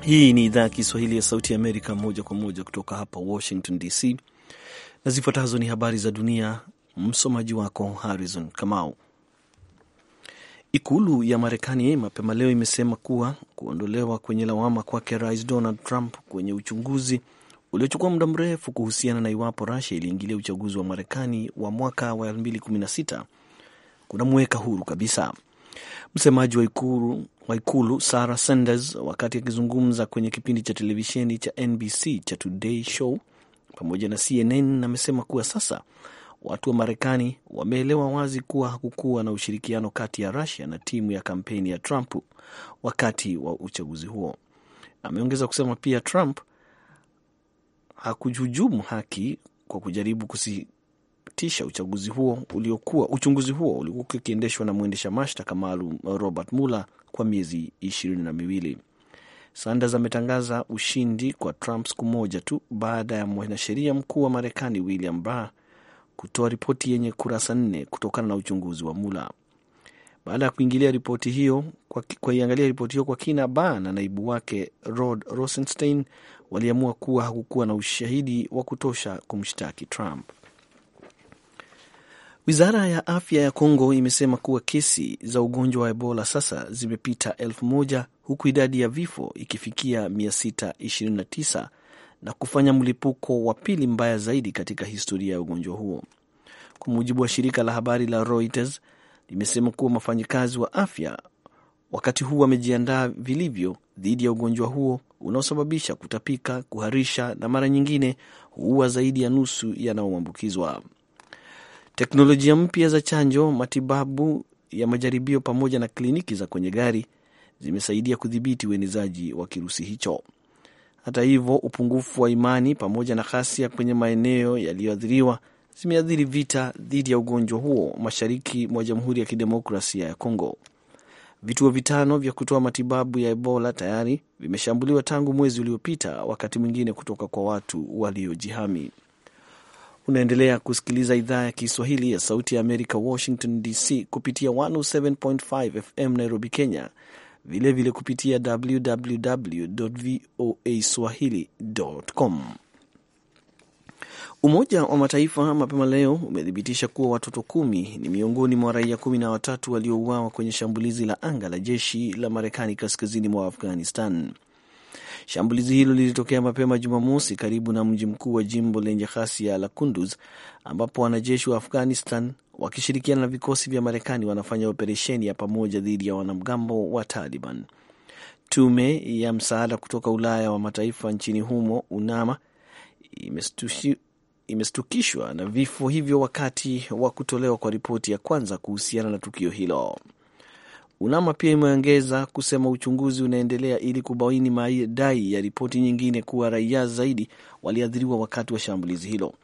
Hii ni idhaa ya Kiswahili ya Sauti ya Amerika, moja kwa moja kutoka hapa Washington DC, na zifuatazo ni habari za dunia. Msomaji wako Harrison Kamau. Ikulu ya Marekani mapema leo imesema kuwa kuondolewa kwenye lawama kwake Rais Donald Trump kwenye uchunguzi uliochukua muda mrefu kuhusiana na iwapo Rusia iliingilia uchaguzi wa Marekani wa mwaka wa 2016 kuna mweka huru kabisa. Msemaji wa ikulu wa ikulu Sarah Sanders wakati akizungumza kwenye kipindi cha televisheni cha NBC cha Today Show pamoja na CNN amesema kuwa sasa watu wa Marekani wameelewa wazi kuwa hakukuwa na ushirikiano kati ya Russia na timu ya kampeni ya Trump wakati wa uchaguzi huo. Ameongeza kusema pia Trump hakuhujumu haki kwa kujaribu kusi, kusitisha uchaguzi huo uliokuwa, uchunguzi huo uliokuwa ukiendeshwa na mwendesha mashtaka maalum Robert Mueller kwa miezi ishirini na miwili. Sanders ametangaza ushindi kwa Trump siku moja tu baada ya mwanasheria mkuu wa Marekani William Barr kutoa ripoti yenye kurasa nne kutokana na uchunguzi wa Mula. Baada ya kuingilia ripoti hiyo kwa, kwa ripoti hiyo kwa kina, Barr na naibu wake Rod Rosenstein waliamua kuwa hakukuwa na ushahidi wa kutosha kumshtaki Trump. Wizara ya afya ya Kongo imesema kuwa kesi za ugonjwa wa Ebola sasa zimepita elfu moja huku idadi ya vifo ikifikia 629 na kufanya mlipuko wa pili mbaya zaidi katika historia ya ugonjwa huo. Kwa mujibu wa shirika la habari la Reuters, limesema kuwa wafanyikazi wa afya wakati huu wamejiandaa vilivyo dhidi ya ugonjwa huo unaosababisha kutapika, kuharisha na mara nyingine huua zaidi ya nusu yanaoambukizwa. Teknolojia mpya za chanjo, matibabu ya majaribio pamoja na kliniki za kwenye gari zimesaidia kudhibiti uenezaji wa kirusi hicho. Hata hivyo, upungufu wa imani pamoja na ghasia kwenye maeneo yaliyoathiriwa zimeathiri vita dhidi ya ugonjwa huo mashariki mwa Jamhuri ya Kidemokrasia ya Kongo. Vituo vitano vya kutoa matibabu ya Ebola tayari vimeshambuliwa tangu mwezi uliopita, wakati mwingine kutoka kwa watu waliojihami. Unaendelea kusikiliza idhaa ya Kiswahili ya Sauti ya Amerika, Washington DC, kupitia 107.5 FM Nairobi, Kenya, vilevile vile kupitia www voa swahili.com. Umoja wa Mataifa mapema leo umethibitisha kuwa watoto kumi ni miongoni mwa raia kumi na watatu waliouawa kwenye shambulizi la anga la jeshi la Marekani kaskazini mwa Afghanistan. Shambulizi hilo lilitokea mapema Jumamosi karibu na mji mkuu wa jimbo lenye ghasia la Kunduz, ambapo wanajeshi wa Afghanistan wakishirikiana na vikosi vya Marekani wanafanya operesheni ya pamoja dhidi ya wanamgambo wa Taliban. Tume ya msaada kutoka Ulaya wa mataifa nchini humo UNAMA imestukishwa na vifo hivyo wakati wa kutolewa kwa ripoti ya kwanza kuhusiana na tukio hilo unama pia imeongeza kusema uchunguzi unaendelea ili kubaini madai ya ripoti nyingine kuwa raia zaidi waliathiriwa wakati wa shambulizi hilo.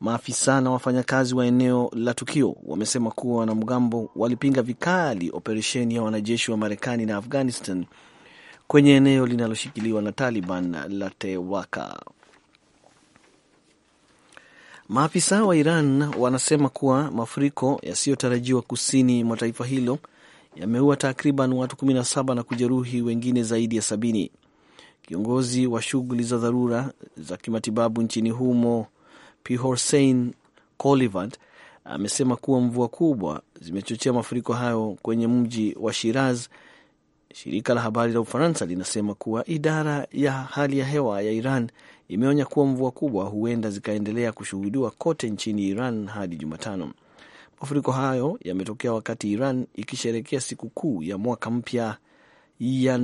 Maafisa na wafanyakazi wa eneo la tukio wamesema kuwa wanamgambo walipinga vikali operesheni ya wanajeshi wa Marekani na Afghanistan kwenye eneo linaloshikiliwa na Taliban la Tewaka. Maafisa wa Iran wanasema kuwa mafuriko yasiyotarajiwa kusini mwa taifa hilo yameua takriban watu 17 na kujeruhi wengine zaidi ya sabini. Kiongozi wa shughuli za dharura za kimatibabu nchini humo P Hossein Colivant amesema kuwa mvua kubwa zimechochea mafuriko hayo kwenye mji wa Shiraz. Shirika la habari la Ufaransa linasema kuwa idara ya hali ya hewa ya Iran imeonya kuwa mvua kubwa huenda zikaendelea kushuhudiwa kote nchini Iran hadi Jumatano. Mafuriko hayo yametokea wakati Iran ikisherekea sikukuu ya mwaka mpya ya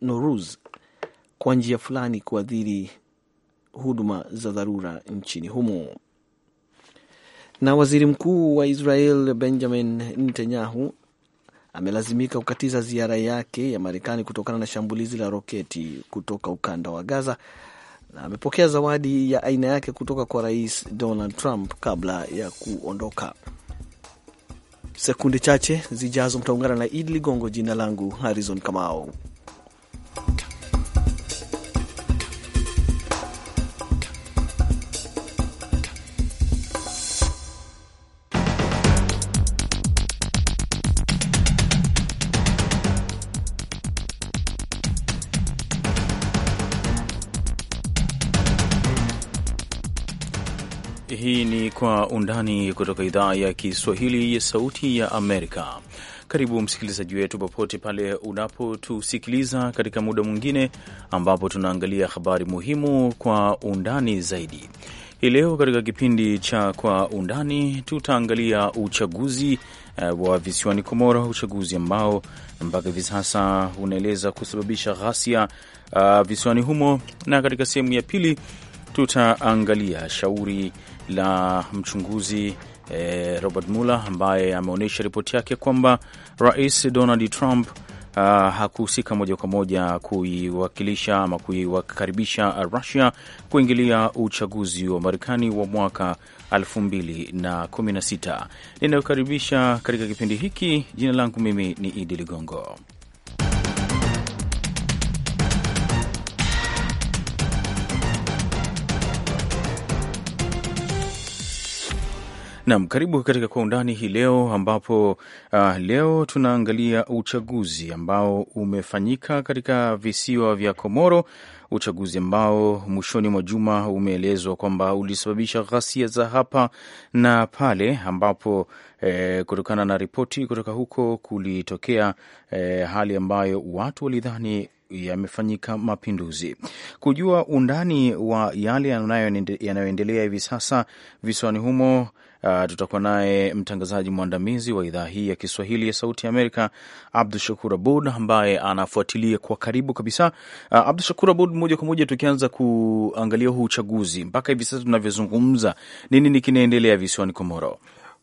Noruz, kwa njia fulani kuathiri huduma za dharura nchini humo. Na waziri mkuu wa Israel Benjamin Netanyahu amelazimika kukatiza ziara yake ya Marekani kutokana na shambulizi la roketi kutoka ukanda wa Gaza na amepokea zawadi ya aina yake kutoka kwa Rais Donald Trump kabla ya kuondoka. Sekunde chache zijazo mtaungana na Id Ligongo. Jina langu Harizon Kamao. undani kutoka idhaa ya Kiswahili ya Sauti ya Amerika. Karibu msikilizaji wetu popote pale unapotusikiliza katika muda mwingine ambapo tunaangalia habari muhimu kwa undani zaidi. Hii leo katika kipindi cha Kwa Undani tutaangalia uchaguzi eh, wa visiwani Komoro, uchaguzi ambao mpaka hivi sasa unaeleza kusababisha ghasia uh, visiwani humo, na katika sehemu ya pili tutaangalia shauri la mchunguzi eh, Robert Mueller ambaye ameonyesha ripoti yake kwamba Rais Donald Trump Uh, hakuhusika moja kwa moja kuiwakilisha ama kuiwakaribisha Russia kuingilia uchaguzi wa Marekani wa mwaka 2016. Ninayokaribisha katika kipindi hiki, jina langu mimi ni Idi Ligongo Nam, karibu katika Kwa Undani hii leo, ambapo uh, leo tunaangalia uchaguzi ambao umefanyika katika visiwa vya Komoro, uchaguzi ambao mwishoni mwa juma umeelezwa kwamba ulisababisha ghasia za hapa na pale, ambapo eh, kutokana na ripoti kutoka huko kulitokea eh, hali ambayo watu walidhani yamefanyika mapinduzi. Kujua undani wa yale yanayoendelea hivi sasa visiwani humo, uh, tutakuwa naye mtangazaji mwandamizi wa idhaa hii ya Kiswahili ya Sauti ya Amerika, Abdu Shakur Abud, ambaye anafuatilia kwa karibu kabisa. Uh, Abdu Shakur Abud, moja kwa moja tukianza kuangalia huu uchaguzi mpaka hivi sasa tunavyozungumza, nini kinaendelea visiwani Komoro?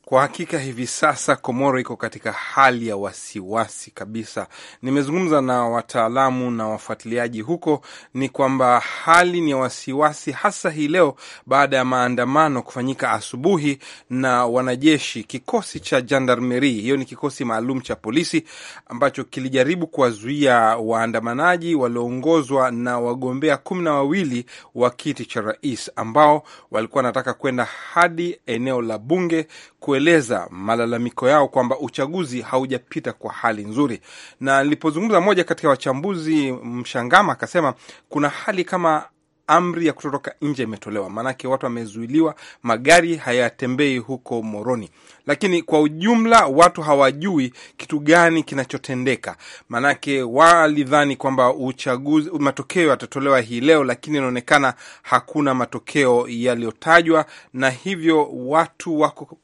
Kwa hakika hivi sasa Komoro iko katika hali ya wasiwasi kabisa. Nimezungumza na wataalamu na wafuatiliaji huko, ni kwamba hali ni ya wasiwasi, hasa hii leo baada ya maandamano kufanyika asubuhi na wanajeshi, kikosi cha jandarmeri, hiyo ni kikosi maalum cha polisi ambacho kilijaribu kuwazuia waandamanaji walioongozwa na wagombea kumi na wawili wa kiti cha rais ambao walikuwa wanataka kwenda hadi eneo la bunge kwe kueleza malalamiko yao kwamba uchaguzi haujapita kwa hali nzuri. Na nilipozungumza moja ya wachambuzi, Mshangama akasema kuna hali kama amri ya kutotoka nje imetolewa, maanake watu wamezuiliwa, magari hayatembei huko Moroni. Lakini kwa ujumla watu hawajui kitu gani kinachotendeka, maanake walidhani kwamba uchaguzi matokeo yatatolewa hii leo, lakini inaonekana hakuna matokeo yaliyotajwa, na hivyo watu wako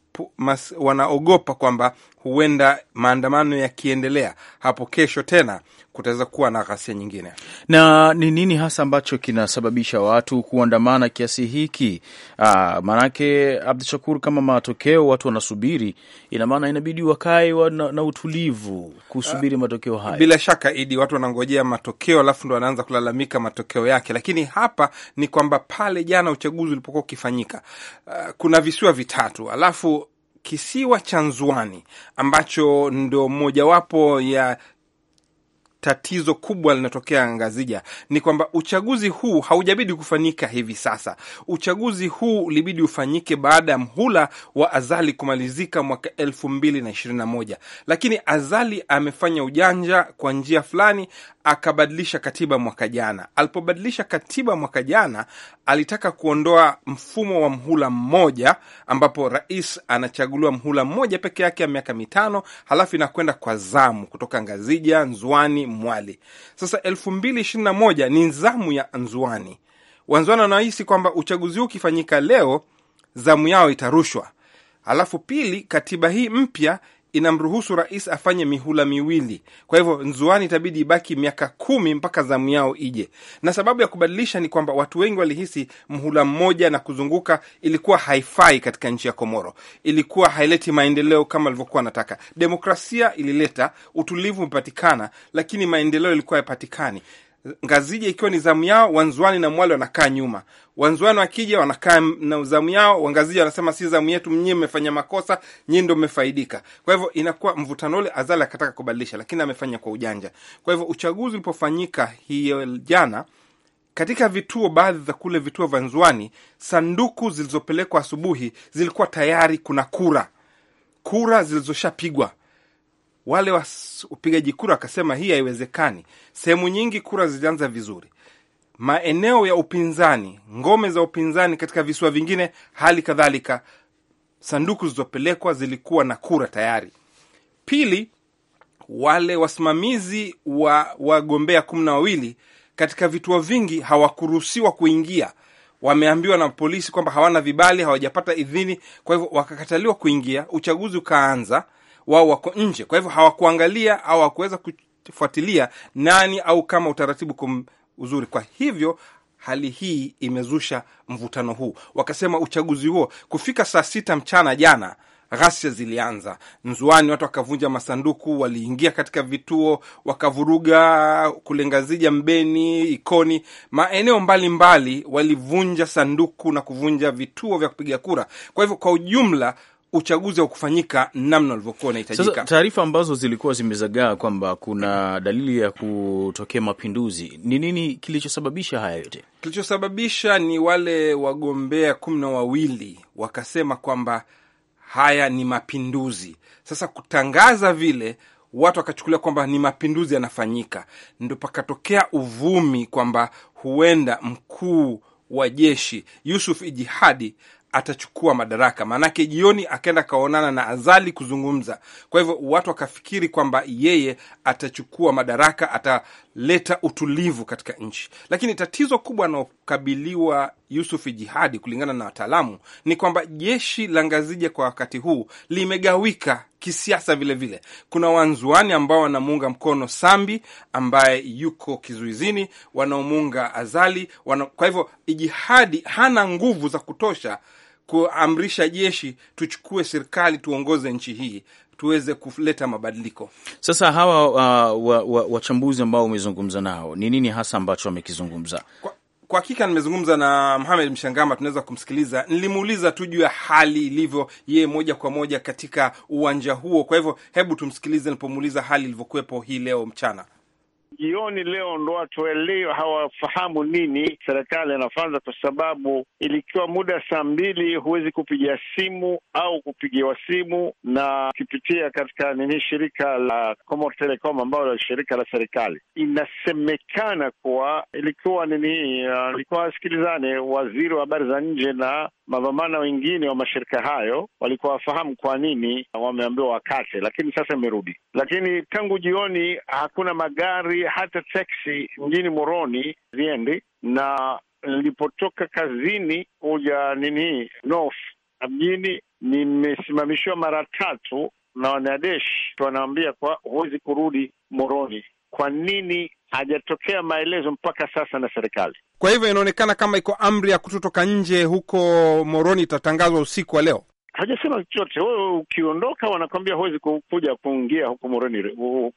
wanaogopa kwamba huenda maandamano yakiendelea hapo kesho tena kutaweza kuwa na ghasia nyingine. Na ni nini hasa ambacho kinasababisha watu kuandamana kiasi hiki? Ah, maanake Abdu Shakur, kama matokeo watu wanasubiri, ina maana inabidi wakae na, na utulivu kusubiri ah, matokeo haya. Bila shaka, Idi, watu wanangojea matokeo alafu ndo wanaanza kulalamika matokeo yake, lakini hapa ni kwamba pale jana uchaguzi ulipokuwa ukifanyika, ah, kuna visiwa vitatu alafu kisiwa cha Nzwani ambacho ndo mojawapo ya tatizo kubwa linatokea Ngazija ni kwamba uchaguzi huu haujabidi kufanyika hivi sasa. Uchaguzi huu ulibidi ufanyike baada ya mhula wa Azali kumalizika mwaka elfu mbili na ishirini na moja, lakini Azali amefanya ujanja kwa njia fulani, akabadilisha katiba mwaka jana. Alipobadilisha katiba mwaka jana, alitaka kuondoa mfumo wa mhula mmoja, ambapo rais anachaguliwa mhula mmoja peke yake ya miaka mitano, halafu inakwenda kwa zamu kutoka Ngazija, Nzwani, Mwali. Sasa elfu mbili ishirini na moja ni zamu ya Nzwani. Wanzwani wanahisi kwamba uchaguzi huu ukifanyika leo, zamu yao itarushwa. Alafu pili, katiba hii mpya inamruhusu rais afanye mihula miwili. Kwa hivyo Nzuani itabidi ibaki miaka kumi mpaka zamu yao ije, na sababu ya kubadilisha ni kwamba watu wengi walihisi mhula mmoja na kuzunguka ilikuwa haifai katika nchi ya Komoro, ilikuwa haileti maendeleo kama alivyokuwa anataka. Demokrasia ilileta utulivu, umepatikana, lakini maendeleo ilikuwa yapatikani. Ngazija ikiwa ni zamu yao, Wanzwani na Mwale wanakaa nyuma. Wanzwani wakija wanakaa na zamu yao, Wangazija wanasema si zamu yetu, nyie mmefanya makosa, nyie ndo mmefaidika. Kwa hivyo inakuwa mvutano ule. Azali akataka kubadilisha, lakini amefanya kwa ujanja. Kwa hivyo uchaguzi ulipofanyika hiyo jana katika vituo baadhi za kule vituo vya Nzwani, sanduku zilizopelekwa asubuhi zilikuwa tayari kuna kura, kura zilizoshapigwa wale wapigaji kura wakasema hii haiwezekani. Sehemu nyingi kura zilianza vizuri, maeneo ya upinzani, ngome za upinzani katika visiwa vingine, hali kadhalika sanduku zilizopelekwa zilikuwa na kura tayari. Pili, wale wasimamizi wa wagombea kumi na wawili katika vituo vingi hawakuruhusiwa kuingia. Wameambiwa na polisi kwamba hawana vibali, hawajapata idhini, kwa hivyo wakakataliwa kuingia. Uchaguzi ukaanza wao wako nje, kwa hivyo hawakuangalia au hawakuweza kufuatilia nani au kama utaratibu kum uzuri. Kwa hivyo hali hii imezusha mvutano huu, wakasema uchaguzi huo kufika saa sita mchana jana Ghasia zilianza Nzuani, watu wakavunja masanduku, waliingia katika vituo, wakavuruga Kulengazija, Mbeni, Ikoni, maeneo mbalimbali, walivunja sanduku na kuvunja vituo vya kupiga kura. Kwa hivyo, kwa ujumla uchaguzi wa kufanyika namna ulivyokuwa unahitajika. taarifa ambazo zilikuwa zimezagaa kwamba kuna dalili ya kutokea mapinduzi, ni nini kilichosababisha haya yote? Kilichosababisha ni wale wagombea kumi na wawili wakasema kwamba haya ni mapinduzi. Sasa kutangaza vile watu wakachukulia kwamba ni mapinduzi yanafanyika, ndo pakatokea uvumi kwamba huenda mkuu wa jeshi Yusuf Ijihadi atachukua madaraka. Maanake jioni akaenda akaonana na Azali kuzungumza. Kwa hivyo watu wakafikiri kwamba yeye atachukua madaraka, ataleta utulivu katika nchi. Lakini tatizo kubwa anaokabiliwa yusuf Jihadi kulingana na wataalamu ni kwamba jeshi la Ngazija kwa wakati huu limegawika kisiasa vilevile vile. Kuna wanzuani ambao wanamuunga mkono Sambi ambaye yuko kizuizini, wanaomuunga Azali wana... kwa hivyo Jihadi hana nguvu za kutosha kuamrisha jeshi tuchukue serikali tuongoze nchi hii tuweze kuleta mabadiliko. Sasa hawa uh, wachambuzi wa, wa ambao umezungumza nao ni nini hasa ambacho wamekizungumza? Kwa hakika nimezungumza na Mohamed Mshangama, tunaweza kumsikiliza. Nilimuuliza tu juu ya hali ilivyo yeye moja kwa moja katika uwanja huo, kwa hivyo hebu tumsikilize nilipomuuliza hali ilivyokuwepo hii leo mchana jioni leo ndo watu walio hawafahamu nini serikali anafanza kwa sababu ilikiwa muda saa mbili huwezi kupigia simu au kupigiwa simu, na ukipitia katika nini shirika la Comor Telecom ambayo la shirika la serikali, inasemekana kuwa ilikuwa nini, uh, ilikuwa wasikilizane, waziri wa habari za nje na mavamana wengine wa mashirika hayo walikuwa wafahamu kwa nini wameambiwa wakate, lakini sasa imerudi. Lakini tangu jioni hakuna magari hata teksi mjini Moroni Riendi, na nilipotoka kazini kuja nini hii north mjini, nimesimamishwa mara tatu na wanadesh, wanaambia kwa huwezi kurudi Moroni. Kwa nini? Hajatokea maelezo mpaka sasa na serikali. Kwa hivyo inaonekana kama iko amri ya kutotoka nje huko Moroni, itatangazwa usiku wa leo hajasema chochote. Wewe ukiondoka, wanakwambia huwezi kuja kuingia huku Moreni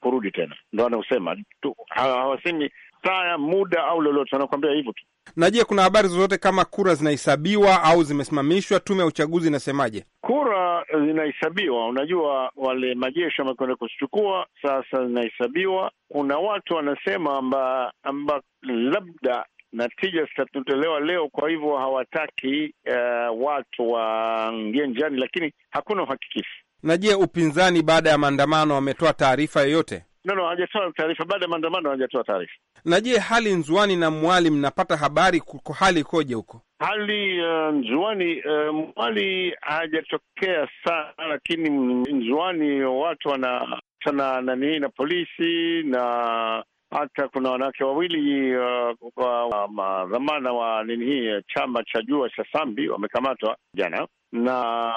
kurudi tena, ndo anaosema tu, hawasemi saa, muda au lolote, wanakwambia hivyo tu. Na je, kuna habari zozote kama kura zinahesabiwa au zimesimamishwa? Tume ya uchaguzi inasemaje? Kura eh, zinahesabiwa, unajua wale majeshi wamekwenda kuzichukua, sasa zinahesabiwa. Kuna watu wanasema amba, amba labda na tija leo. Kwa hivyo hawataki uh, watu waingie njiani, lakini hakuna uhakikifu Na je, upinzani baada ya maandamano wametoa taarifa yoyote? No, no, hawajatoa taarifa. Baada ya maandamano hawajatoa taarifa. Na je, hali Nzuani na Mwali, mnapata habari kuko, hali ikoje huko? Hali uh, eh, Nzuani uh, eh, Mwali hajatokea sana, lakini Nzuani watu wana sana nanii na polisi na hata kuna wanawake wawili kwa uh, dhamana wa nini hii chama cha jua cha Sambi wamekamatwa jana na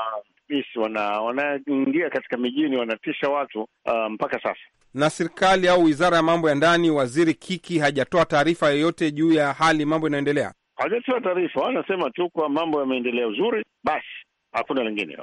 polisi, wanaingia wana katika mijini wanatisha watu uh, mpaka sasa. Na serikali au wizara ya mambo ya ndani, waziri Kiki hajatoa taarifa yoyote juu ya hali mambo inaendelea, hajatoa taarifa, anasema tu kwa mambo yameendelea uzuri, basi hakuna lingine.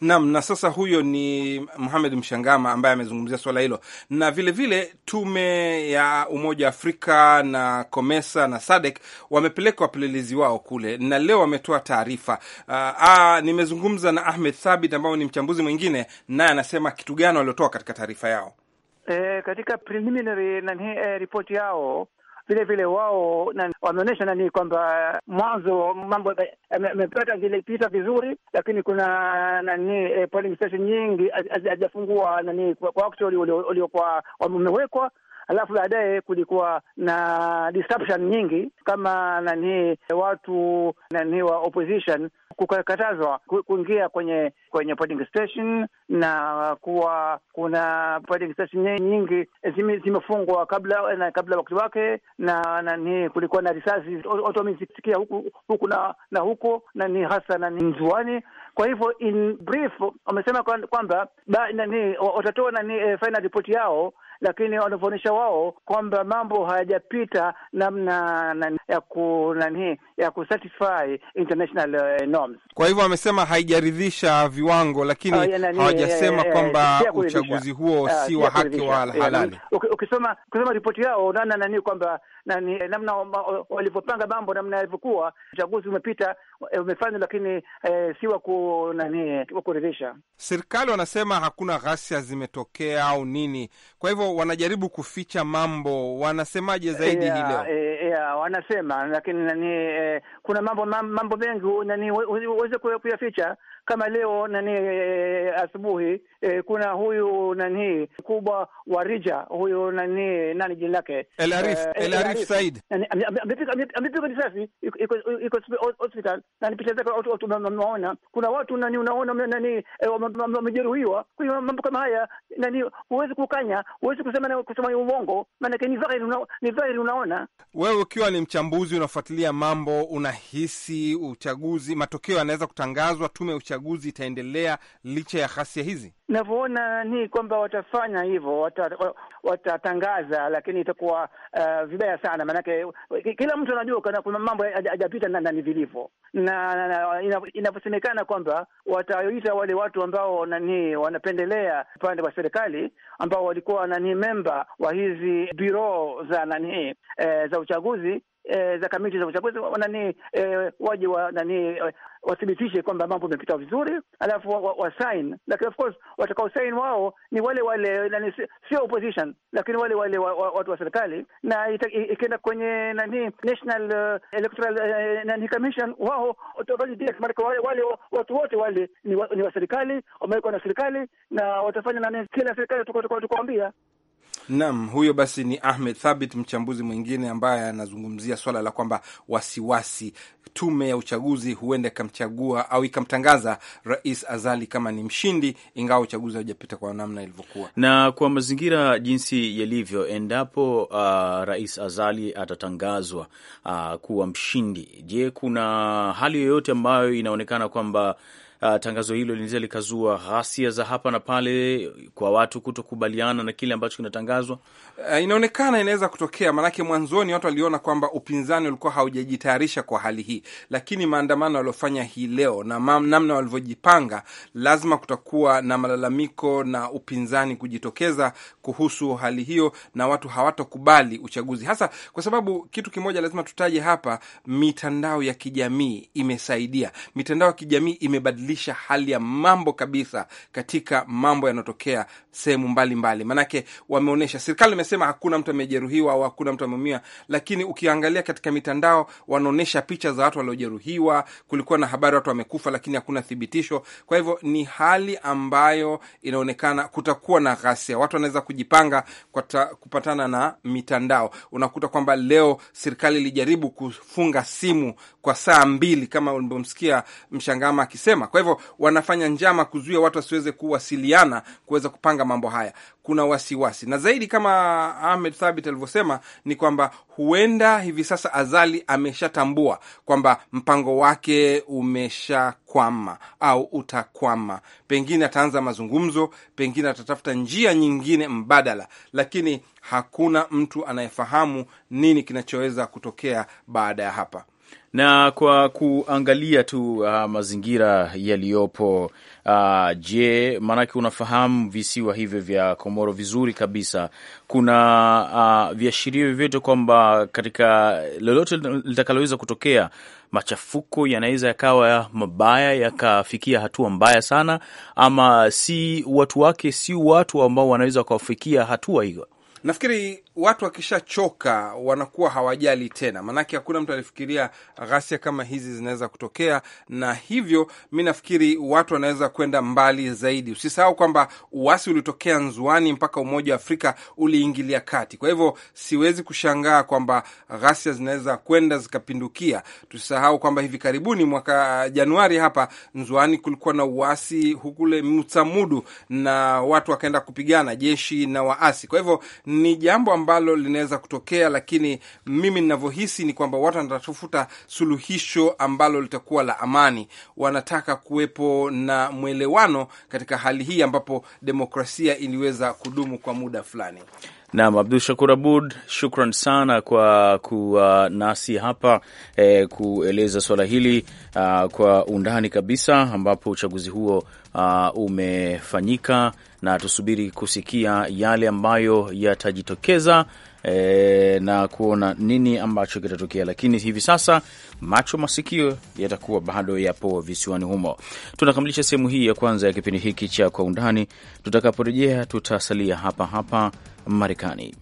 Naam, na sasa huyo ni Muhamed Mshangama ambaye amezungumzia swala hilo, na vilevile vile tume ya Umoja wa Afrika na COMESA na SADC wamepeleka wapelelezi wao kule, na leo wametoa taarifa. Ah, ah, nimezungumza na Ahmed Thabit ambao ni mchambuzi mwingine, naye anasema kitu gani waliotoa katika taarifa yao. E, katika preliminary nani, e, eh, ripoti yao vile vile wao wameonyesha nani kwamba mwanzo mambo amepata zilipita vizuri, lakini kuna nani eh, polling station nyingi hajafungua nani kwa wakati waliokuwa wamewekwa alafu baadaye kulikuwa na disruption nyingi kama nani watu nani wa opposition kukatazwa kuingia kwenye kwenye polling station na kuwa kuna polling station nyingi zimefungwa kabla na kabla wakati wake, na nani kulikuwa na risasi watu wamezisikia huku huku na na huko nani hasa nani mzuani Kwa hivyo in brief wamesema kwamba nani watatoa nani eh, final report yao lakini wanavyoonesha wao kwamba mambo hayajapita namna na, ya ku nani ya kusatisfy international eh, norms. Kwa hivyo amesema haijaridhisha viwango, lakini oh, hawajasema eh, eh, kwamba uchaguzi huo ah, si wa haki wa halali. Ukisoma ukisoma ripoti yao unaona nani kwamba nani namna walivyopanga mambo, namna yalivyokuwa, uchaguzi umepita umefanywa, lakini si wa ku nani wa kuridhisha. Serikali wanasema hakuna ghasia zimetokea au nini, kwa hivyo wanajaribu kuficha mambo. Wanasemaje zaidi hii leo? ya wanasema, lakini nani, eh, kuna mambo mambo mengi nani uweze kuyaficha kama leo nani eh, eh, asubuhi eh, kuna huyu nani mkubwa wa Rija huyu nani nani jina lake El Arif eh, El Arif Said amepigwa risasi, iko hospital na ni picha zake tumeona. Kuna watu nani unaona nani eh, wamejeruhiwa. Kwa hiyo mambo kama haya nani huwezi kukanya, huwezi kusema na kusema uongo, maanake ni dhahiri, ni dhahiri. Unaona wewe ukiwa ni mchambuzi unafuatilia mambo, unahisi uchaguzi matokeo yanaweza kutangazwa tume uchaguzi itaendelea licha ya ghasia hizi? Navyoona ni kwamba watafanya hivyo, watatangaza wata, lakini itakuwa uh, vibaya sana, maanake kila mtu anajua kuna mambo hajapita ndani vilivyo, na, na, na inavyosemekana kwamba wataita wale watu ambao nani wanapendelea upande wa serikali ambao walikuwa nani memba wa hizi biro za nani eh, za uchaguzi e, za kamiti za uchaguzi nani e, waje wa nani eh, wathibitishe kwamba mambo yamepita vizuri, alafu wa, wa, wa sign. Lakini of course watakao sign wao ni wale wale nani, sio opposition, lakini wale wale wa, wa, watu wa serikali, na ikienda kwenye nani National uh, Electoral uh, nani Commission, wao wale wale watu wote wale ni wa, ni wa serikali, wamewekwa na serikali na watafanya nani kila serikali tukawaambia Naam, huyo basi ni Ahmed Thabit, mchambuzi mwingine ambaye anazungumzia swala la kwamba wasiwasi tume ya uchaguzi huenda ikamchagua au ikamtangaza Rais Azali kama ni mshindi, ingawa uchaguzi haujapita kwa namna ilivyokuwa na kwa mazingira jinsi yalivyo. Endapo uh, Rais Azali atatangazwa uh, kuwa mshindi, je, kuna hali yoyote ambayo inaonekana kwamba uh, tangazo hilo linaweza likazua ghasia za hapa na pale kwa watu kutokubaliana na kile ambacho kinatangazwa. Uh, inaonekana inaweza kutokea, maanake mwanzoni watu waliona kwamba upinzani ulikuwa haujajitayarisha kwa hali hii, lakini maandamano waliofanya hii leo na namna walivyojipanga, lazima kutakuwa na malalamiko na upinzani kujitokeza kuhusu hali hiyo, na watu hawatokubali uchaguzi, hasa kwa sababu kitu kimoja lazima tutaje hapa, mitandao ya kijamii imesaidia. Mitandao ya kijamii imebadilisha hali ya mambo kabisa katika mambo yanayotokea sehemu mbalimbali, maanake wameonyesha serikali wamesema hakuna mtu amejeruhiwa au hakuna mtu ameumia, lakini ukiangalia katika mitandao wanaonyesha picha za watu waliojeruhiwa. Kulikuwa na habari watu wamekufa, lakini hakuna thibitisho. Kwa hivyo ni hali ambayo inaonekana kutakuwa na ghasia. Watu wanaweza kujipanga kuta, kupatana na mitandao. Unakuta kwamba leo serikali ilijaribu kufunga simu kwa saa mbili kama ulivyomsikia Mshangama akisema. Kwa hivyo wanafanya njama kuzuia watu wasiweze kuwasiliana kuweza kupanga mambo haya. Kuna wasiwasi na zaidi kama Ahmed Thabit alivyosema ni kwamba huenda hivi sasa Azali ameshatambua kwamba mpango wake umeshakwama au utakwama. Pengine ataanza mazungumzo, pengine atatafuta njia nyingine mbadala, lakini hakuna mtu anayefahamu nini kinachoweza kutokea baada ya hapa na kwa kuangalia tu uh, mazingira yaliyopo Uh, je, maanake unafahamu visiwa hivyo vya Komoro vizuri kabisa. Kuna uh, viashirio vyovyote kwamba katika lolote litakaloweza kutokea machafuko yanaweza yakawa mabaya yakafikia hatua mbaya sana, ama si watu wake si watu ambao wanaweza wakawafikia hatua hiyo? Nafikiri watu wakishachoka wanakuwa hawajali tena, maanake hakuna mtu alifikiria ghasia kama hizi zinaweza kutokea, na hivyo mi nafikiri watu wanaweza kwenda mbali zaidi. Usisahau kwamba uasi ulitokea Nzwani mpaka Umoja wa Afrika uliingilia kati. Kwa hivyo siwezi kushangaa kwamba ghasia zinaweza kwenda zikapindukia. Tusisahau kwamba hivi karibuni mwaka eh, Januari hapa Nzwani kulikuwa na uasi hukule Mutsamudu na watu wakaenda kupigana jeshi na waasi. Kwa hivyo ni jambo ambalo linaweza kutokea, lakini mimi ninavyohisi ni kwamba watu wanatafuta suluhisho ambalo litakuwa la amani. Wanataka kuwepo na mwelewano katika hali hii ambapo demokrasia iliweza kudumu kwa muda fulani. Naam, Abdu Shakur Abud, shukran sana kwa kuwa nasi hapa e, kueleza swala hili a, ah, kwa undani kabisa, ambapo uchaguzi huo a, ah, umefanyika na tusubiri kusikia yale ambayo yatajitokeza e, na kuona nini ambacho kitatokea, lakini hivi sasa macho masikio yatakuwa bado yapo visiwani humo. Tunakamilisha sehemu hii ya kwanza ya kipindi hiki cha Kwa Undani. Tutakaporejea tutasalia hapa hapa Marekani.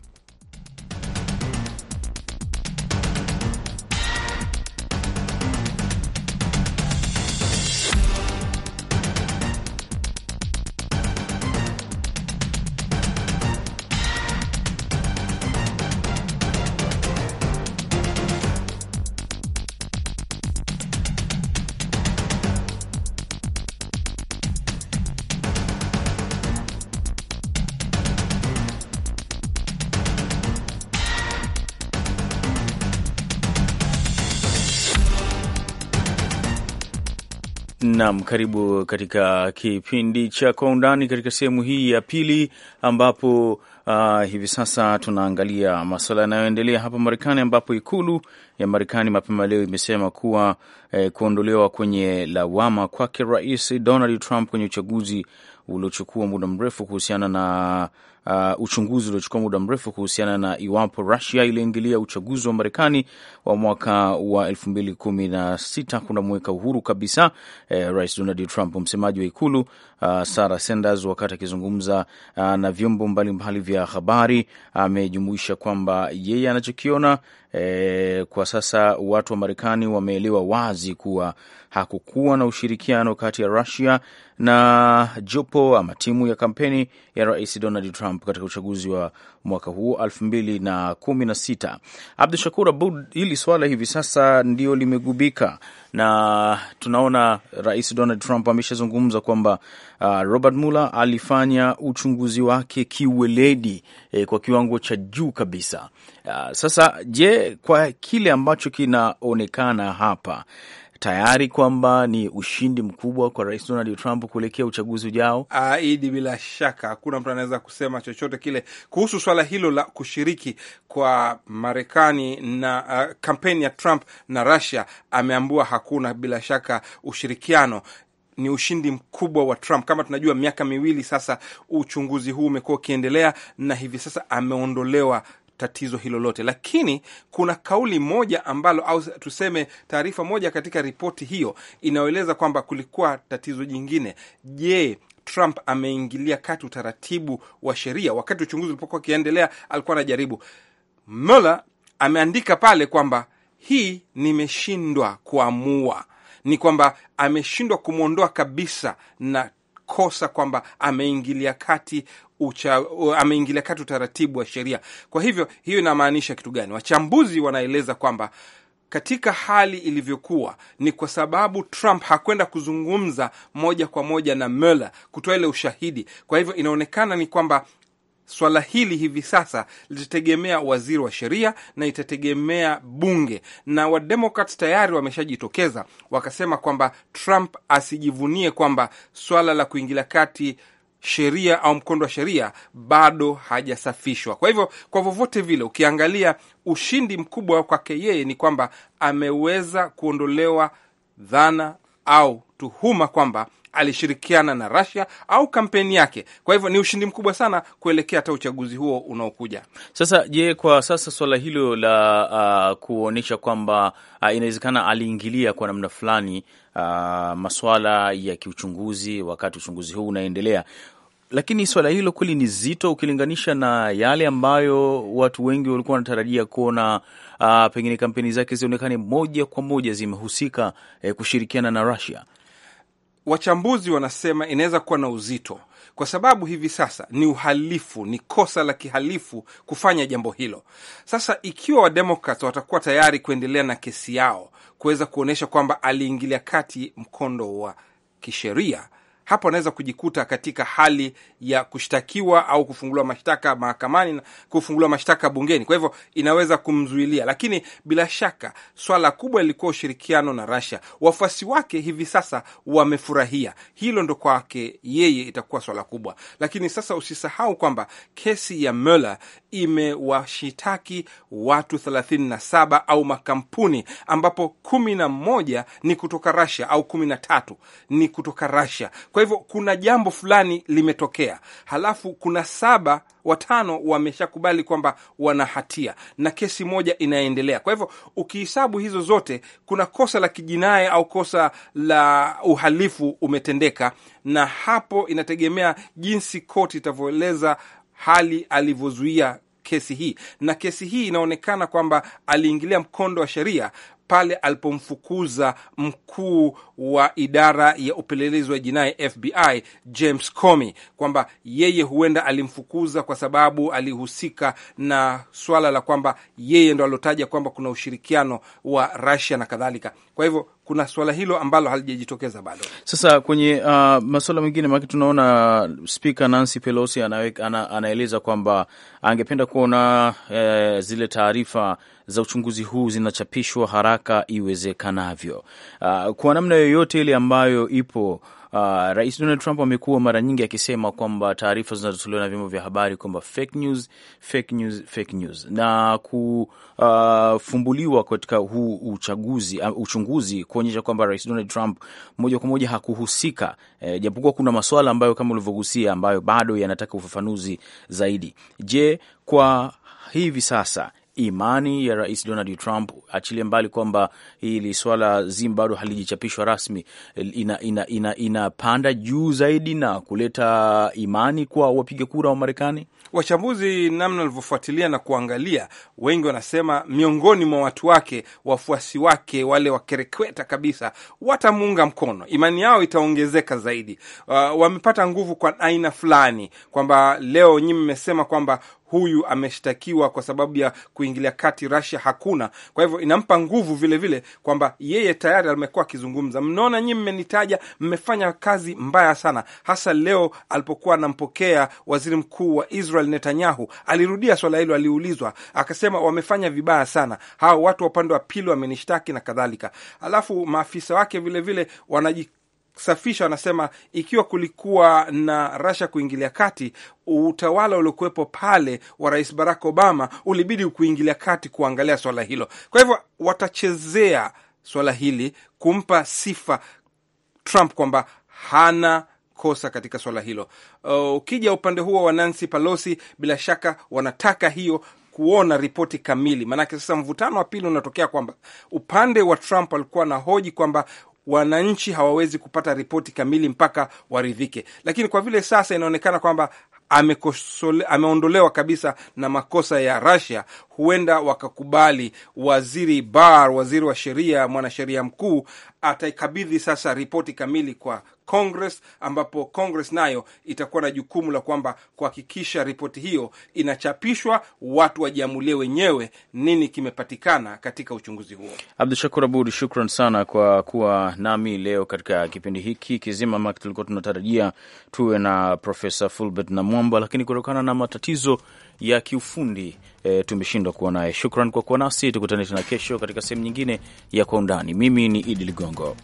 nam karibu katika kipindi cha Kwa Undani katika sehemu hii ya pili, ambapo uh, hivi sasa tunaangalia masuala yanayoendelea hapa Marekani, ambapo ikulu ya Marekani mapema leo imesema kuwa eh, kuondolewa kwenye lawama kwake Rais Donald Trump kwenye uchaguzi uliochukua muda mrefu kuhusiana na uh, uchunguzi uliochukua muda mrefu kuhusiana na iwapo Russia iliingilia uchaguzi wa Marekani wa mwaka wa elfu mbili kumi na sita kunamweka uhuru kabisa eh, Rais Donald Trump. Msemaji wa ikulu uh, Sarah Sanders wakati akizungumza uh, na vyombo mbalimbali vya habari amejumuisha kwamba yeye anachokiona eh, kwa sasa watu wa Marekani wameelewa wazi kuwa hakukuwa na ushirikiano kati ya Rusia na jopo ama timu ya kampeni ya Rais Donald Trump katika uchaguzi wa mwaka huu elfu mbili na kumi na sita. Abdu Shakur Abud, hili swala hivi sasa ndio limegubika na tunaona Rais Donald Trump ameshazungumza kwamba uh, Robert Mueller alifanya uchunguzi wake kiweledi eh, kwa kiwango cha juu kabisa. Uh, sasa je, kwa kile ambacho kinaonekana hapa tayari kwamba ni ushindi mkubwa kwa Rais Donald Trump kuelekea uchaguzi ujao? Aidi, ah, bila shaka hakuna mtu anaweza kusema chochote kile kuhusu swala hilo la kushiriki kwa Marekani na uh, kampeni ya Trump na Russia. Ameambua hakuna bila shaka ushirikiano ni ushindi mkubwa wa Trump. Kama tunajua, miaka miwili sasa uchunguzi huu umekuwa ukiendelea, na hivi sasa ameondolewa tatizo hilo lote, lakini kuna kauli moja ambalo au tuseme taarifa moja katika ripoti hiyo inayoeleza kwamba kulikuwa tatizo jingine. Je, Trump ameingilia kati utaratibu wa sheria? Wakati uchunguzi ulipokuwa ukiendelea, alikuwa anajaribu. Mueller ameandika pale kwamba hii nimeshindwa kuamua, ni kwamba ameshindwa kumwondoa kabisa na kosa kwamba ameingilia kati ameingilia kati utaratibu wa sheria. Kwa hivyo hiyo inamaanisha kitu gani? Wachambuzi wanaeleza kwamba katika hali ilivyokuwa ni kwa sababu Trump hakwenda kuzungumza moja kwa moja na Mueller kutoa ile ushahidi. Kwa hivyo inaonekana ni kwamba Swala hili hivi sasa litategemea waziri wa sheria na itategemea bunge, na wademokrat tayari wameshajitokeza wakasema kwamba Trump asijivunie kwamba swala la kuingilia kati sheria au mkondo wa sheria bado hajasafishwa. Kwa hivyo, kwa vyovyote vile, ukiangalia ushindi mkubwa kwake yeye ni kwamba ameweza kuondolewa dhana au tuhuma kwamba alishirikiana na Russia au kampeni yake. Kwa hivyo ni ushindi mkubwa sana kuelekea hata uchaguzi huo unaokuja. Sasa je, kwa sasa swala hilo la uh, kuonyesha kwamba uh, inawezekana aliingilia kwa namna fulani uh, maswala ya kiuchunguzi wakati uchunguzi huu unaendelea lakini swala hilo kweli ni zito ukilinganisha na yale ambayo watu wengi walikuwa wanatarajia kuona. Uh, pengine kampeni zake zionekane moja kwa moja zimehusika eh, kushirikiana na Russia wachambuzi wanasema inaweza kuwa na uzito kwa sababu hivi sasa ni uhalifu, ni kosa la kihalifu kufanya jambo hilo. Sasa ikiwa Wademokrat watakuwa tayari kuendelea na kesi yao kuweza kuonyesha kwamba aliingilia kati mkondo wa kisheria hapo anaweza kujikuta katika hali ya kushtakiwa au kufunguliwa mashtaka mahakamani na kufunguliwa mashtaka bungeni. Kwa hivyo inaweza kumzuilia, lakini bila shaka swala kubwa ilikuwa ushirikiano na Russia. Wafuasi wake hivi sasa wamefurahia hilo, ndo kwake yeye itakuwa swala kubwa. Lakini sasa usisahau kwamba kesi ya Mueller imewashitaki watu 37 au makampuni ambapo kumi na moja ni kutoka Russia au kumi na tatu ni kutoka Russia. Kwa hivyo kuna jambo fulani limetokea, halafu kuna saba watano wameshakubali kwamba wana hatia na kesi moja inaendelea. Kwa hivyo ukihesabu hizo zote, kuna kosa la kijinai au kosa la uhalifu umetendeka, na hapo inategemea jinsi koti itavyoeleza hali alivyozuia kesi hii, na kesi hii inaonekana kwamba aliingilia mkondo wa sheria pale alipomfukuza mkuu wa idara ya upelelezi wa jinai FBI James Comey, kwamba yeye huenda alimfukuza kwa sababu alihusika na swala la kwamba yeye ndo alilotaja kwamba kuna ushirikiano wa Russia na kadhalika. Kwa hivyo kuna swala hilo ambalo halijajitokeza bado. Sasa kwenye uh, masuala mengine, maanake tunaona Spika Nancy Pelosi anaweka, ana, anaeleza kwamba angependa kuona uh, zile taarifa za uchunguzi huu zinachapishwa haraka iwezekanavyo, uh, kwa namna yoyote ile ambayo ipo Uh, Rais Donald Trump amekuwa mara nyingi akisema kwamba taarifa zinazotolewa na vyombo vya habari kwamba fake news, fake news, fake news na kufumbuliwa uh, katika huu uchaguzi uh, uchunguzi kuonyesha kwamba Rais Donald Trump moja kwa moja hakuhusika e, japokuwa kuna maswala ambayo kama ulivyogusia ambayo bado yanataka ufafanuzi zaidi. Je, kwa hivi sasa imani ya Rais Donald Trump, achilia mbali kwamba hili swala zim bado halijichapishwa rasmi, inapanda ina, ina, ina juu zaidi na kuleta imani kwa wapiga kura wa Marekani? Wachambuzi namna walivyofuatilia na kuangalia, wengi wanasema miongoni mwa watu wake, wafuasi wake wale wakerekweta kabisa, watamuunga mkono, imani yao itaongezeka zaidi. Uh, wamepata nguvu kwa aina fulani, kwamba leo nyinyi mmesema kwamba huyu ameshtakiwa kwa sababu ya kuingilia kati Russia, hakuna. Kwa hivyo inampa nguvu vilevile kwamba yeye tayari amekuwa akizungumza. Mnaona nyinyi, mmenitaja, mmefanya kazi mbaya sana, hasa leo alipokuwa anampokea waziri mkuu wa Israel Netanyahu, alirudia swala hilo, aliulizwa akasema, wamefanya vibaya sana hao watu wa upande wa pili, wamenishtaki na kadhalika. Alafu maafisa wake vilevile wanaji safisha wanasema ikiwa kulikuwa na Rasha kuingilia kati, utawala uliokuwepo pale wa Rais Barack Obama ulibidi kuingilia kati kuangalia swala hilo. Kwa hivyo watachezea swala hili kumpa sifa Trump kwamba hana kosa katika swala hilo. Uh, ukija uh, upande huo wa Nancy Pelosi, bila shaka wanataka hiyo kuona ripoti kamili, maanake sasa mvutano wa pili unatokea kwamba upande wa Trump alikuwa na hoji kwamba wananchi hawawezi kupata ripoti kamili mpaka waridhike, lakini kwa vile sasa inaonekana kwamba ameondolewa kabisa na makosa ya Russia, huenda wakakubali. Waziri Bar, waziri wa sheria, mwanasheria mkuu ataikabidhi sasa ripoti kamili kwa Congress, ambapo Congress nayo itakuwa na jukumu la kwamba kuhakikisha ripoti hiyo inachapishwa, watu wajiamulie wenyewe nini kimepatikana katika uchunguzi huo. Abdu Shakur Abud, shukran sana kwa kuwa nami leo katika kipindi hiki kizima, maana tulikuwa tunatarajia tuwe na Profesa Fulbert na Mwamba, lakini kutokana na matatizo ya kiufundi e, tumeshindwa kuwa naye. Shukran kwa kuwa nasi, tukutane tena kesho katika sehemu nyingine ya Kwa Undani. Mimi ni Idi Ligongo.